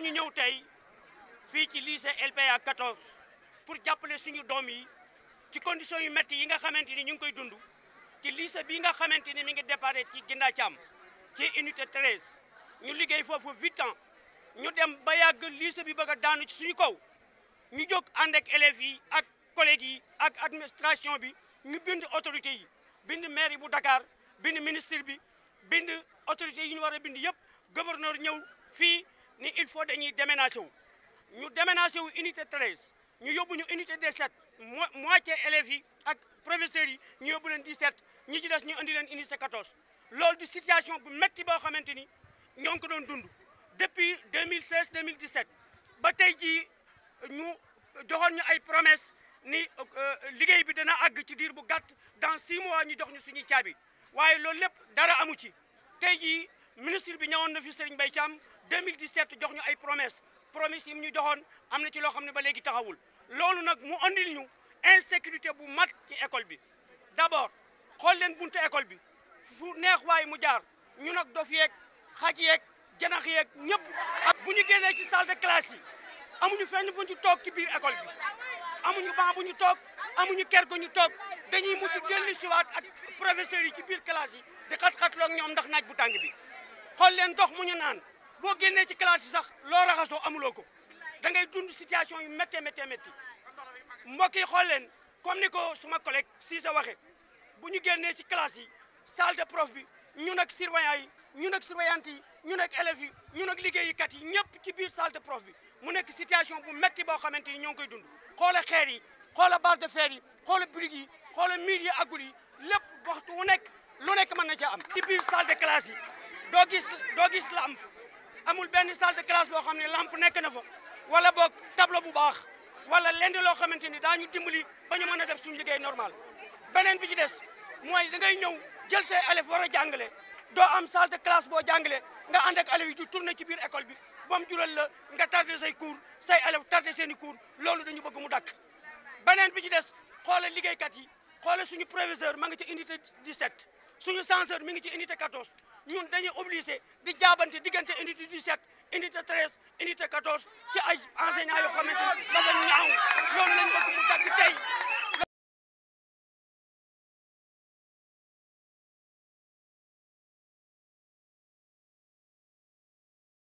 ñu ñëw tey fii ci lycée LPA 14 pour jàppale suñu doom yi ci conditions yu métti yi nga xamante ni ñu ngi koy dund ci lycée bii nga xamante ni mi ngi départ ci Ginda Thiam ci unité 13 ñu liggéey foofu 8 ans ñu dem ba yàgg lycée bi bëgg a daanu ci suñu kaw ñu jóg ànd ak yi ak collègues yi ak administration bi ñu bind autorités yi bind mairie bu Dakar bind ministre bi bind autorités yi ñu war a bind yëpp gouverneur ñëw fii ni il faut dañuy déménager ñu déménager wu unité 13 ñu sommes ñu unité 17 moitié élèves yi ak professeurs yi ñu yóbbu len 17 ñi ci dess ñu andi len unité 14 lool di situation bu métti bo xamanteni ñong ko don dund depuis 2016 2017 ba tay promis ñu joxoon ñu ay promesse ni euh, liguey bi dana ag ci dir bu gatt dans 6 mois ñu jox ñu suñuy caabi waye lool lepp dara amu ci tay ji ministre bi ñawoon na bay fi Serigne Mbaye Thiam 2017 jox ñu ay promesse promesse yi mu ñu joxoon am na ci loo xam ne ba léegi taxawul loolu nag mu andil ñu insécurité bu mat ci école bi d'abord xool leen buntu école bi fu neex waaye mu jaar ñu nag dof yeeg xaj yeeg janax yeeg ñëpp ak bu ñu génnee ci salle de classe yi ñu fenn fu ñu toog ci biir école bi amuñu banc bu ñu toog amuñu ker gu ñu toog dañuy mujj dellu siwaat ak professeurs yi ci biir classe yi di xat-xatloo ñoom ndax naaj bu tàng bi xool leen ndox mu ñu naan boo génnee ci classe yi sax loo raxasoo amuloo ko da ngay dund situation yu méttee méttee métti mbokk yi xool leen comme ni ko suma collègue Cissé waxee bu ñu génnee ci classe yi salle de prof bi ñun ak surveillant yi ñun ak surveillante yi ñun nekk élèves yi ñun ak liggéeykat yi ñëpp ci biir salle de prof bi mu nekk situation bu métti boo xamante ni ñoo ngi koy dund xoola xeer yi xoola barre de fer yi xoola brique yi xoola miir yi yi lépp waxtu wu nekk lu nekk mën na caa am ci biir salle yi doo gis doo gis lamp amul benn salle de classe boo xam ne lamp nekk na fa wala boog tableau bu baax wala lenn loo xamante ni daañu dimbali ba ñu mën a def suñu liggéey normal beneen bi ci des mooy dangay ñëw jël say élèves war a jàngale doo am salle de classe boo jàngale nga ànd ak élèves yi di tourné ci biir école bi ba mu jural la nga tardé say cours say élèves tardé seen i cours loolu dañu bëgg mu dakk beneen bi ci des xoolal liggéeykat yi xoolal suñu proviseur ma nga ca unité 17 suñu censeur mi ngi ci unité 14 ñun dañuy obligé di jaabante diggante indi 17 unité 13 unité 14 ci ay enseignants yoo xamante ni dafa ñaaw loolu lañ